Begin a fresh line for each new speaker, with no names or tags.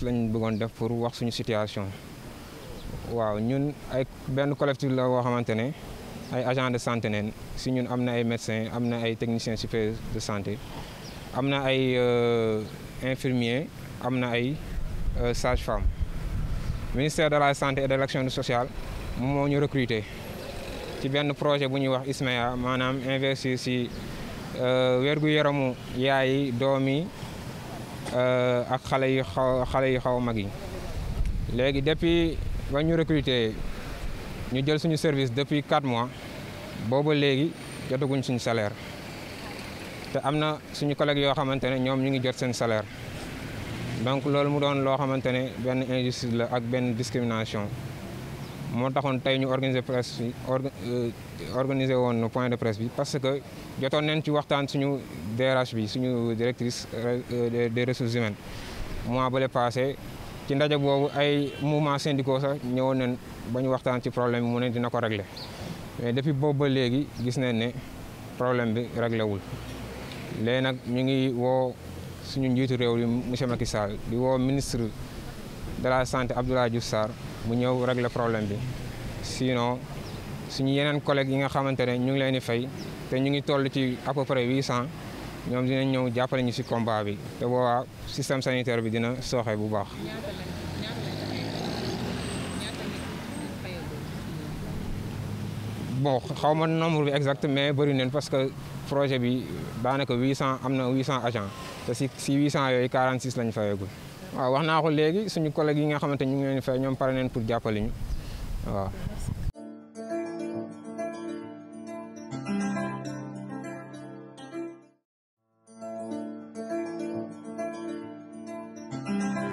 lañ bëggoon def pour voir suñu situation waaw ñun ay Nous collectif la boo des agents ay agents de santé Nous si ñun avons médecins des techniciens de santé des euh, infirmiers des euh, sages-femmes ministère de la santé et de l'action sociale moom moo ñu recruter ci nous projet bu sur wax ISMEA de investir si euh, wérgu yaramu yaay doomi euh, ak xalé yu xalé xale yu xaw mag yi léegi depuis ba ñu recruter ñu jël suñu service depuis 4 mois booba léegi jotaguñ suñu salaire te am na suñu collègue yoo xamante ne ñoom ñu ngi jot seen salaire donc loolu mu doon loo xamante ne benn injustice la ak benn discrimination moo taxoon tey ñu organiser presse bi euh, organiser woon point de presse bi parce que jotoon nañ ci waxtaan suñu DRH bi suñu directrice euh, des ressources humaines mois bële passé ci ndaje boobu ay mouvement syndicaux sax ñëwoon nañ ba ñu waxtaan ci problème bi mu ne dina ko régler mais depuis boobu ba léegi gis nañ ne problème bi réglé wul léegi nag ñu ngi woo suñu njiitu réew mi monsieur Macky Sall di woo ministre de la santé Abdoulaye Diouf Sarr mu ñëw régler problème bi sinon suñu yeneen collègues yi nga xamante ne ñu ngi leen di fay te ñu ngi toll ci à peu près huit cent ñoom dinañ ñëw jàppale ñu si combat bi te boobaa système sanitaire bi dina sooxe bu baax. bon xaw ma nombre bi exact mais bëri neen parce que projet bi daanaka huit cent am na huit cent agents. te si si 800 yooyu 46 lañ fayagul. waaw wax naa ko léegi suñu collègue yi nga xamante ñu ngi leen di fay ñoom pare neen pour jàppale ñu waaw.